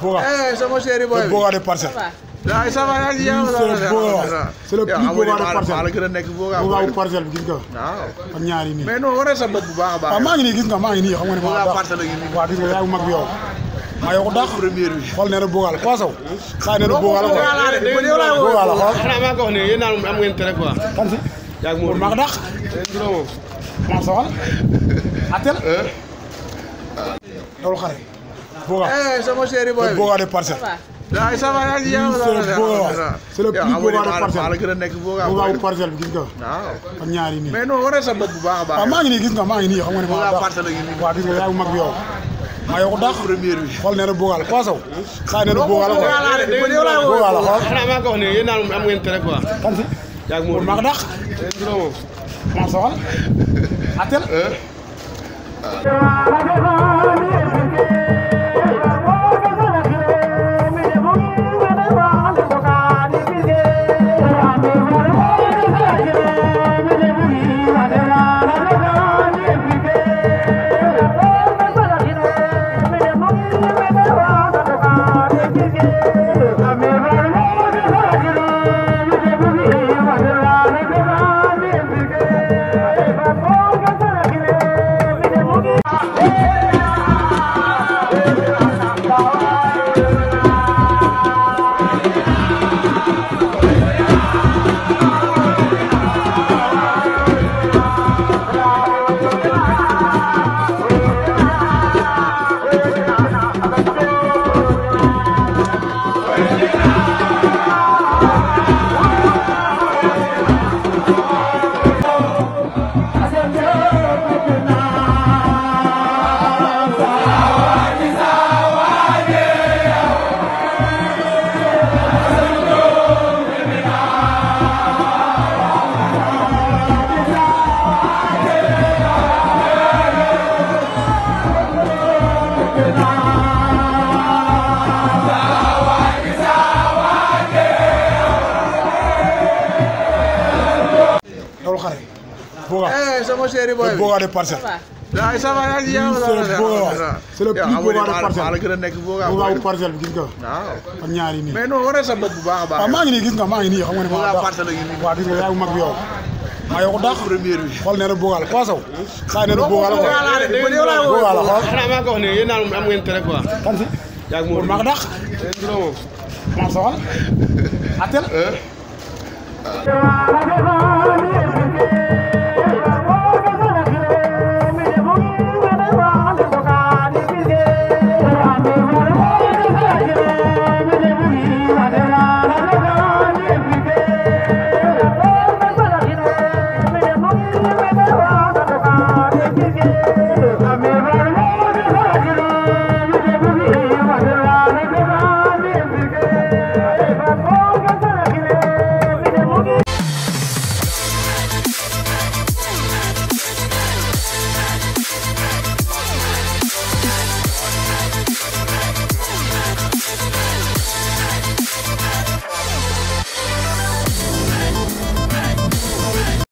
Boga eh sama chéri boy Boga de parcelle waaw ça va yaa ngi yàlla la c'est le plus Boga de parcelle la gën a nekk Boga Boga parcelle bi gis nga waaw ak ñaari nii mais non waree sa bët bu baax a baax maa ngi nii gis nga maa ngi nii xam nga ne Boga parcelle la ngi waaw gis nga yaa ngi mag bi yow maa yow ko dàq première bi xool nee na Boga la Paa Sow saa nee na Boga la Boga la xool xanaa maa ko wax ne yéen daal am ngeen tere quoi kan si yaa ngi maa ko dàq maa soxal atel loolu xare Boga. Eh, sama chéri boy. Boga de parcelle. waaw ça va yaa ngi yàlla la c'est le plus ah, beau de parcelle gën a nekk Boga bu parcelle bi gis nga. waaw ak ñaari nii. mais non war sa bopp bu baax a baax. waaw ah, maa ngi nii gis nga maa ngi nii xam nga ne maa parcelle ngi nii. waaw gis nga yaa mag yow. maa yow ko dàq bi xool nee na Boga la Paa Sow. saa Boga la quoi Boga la xool. xanaa maa ko wax ne yéen daal am ngeen tere quoi. kan si. yaa ngi moom maa ko dàq. maa soxal. Boga. Eh, somos chéri boy. Le Boga de parcelle. Là, ça va là, il y a C'est le plus Boga de parcelle. Ala gëna nek Boga. Boga wu parcelle bi gis nga. Waaw. Am ñaari ni. Mais non, wara sa bëgg bu baax baax. Ma ngi gis nga, ma ngi xam nga Boga parcelle gi ni. Waaw, gis nga yaay mag bi yow. ma yow ko dàq bi xool nee Boga la Paasaw saa nee na Boga la Boga la xool xanaa maa ko wax ne am ngeen tere quoi kan si yaa ngi maa ko dàq maa sawal atel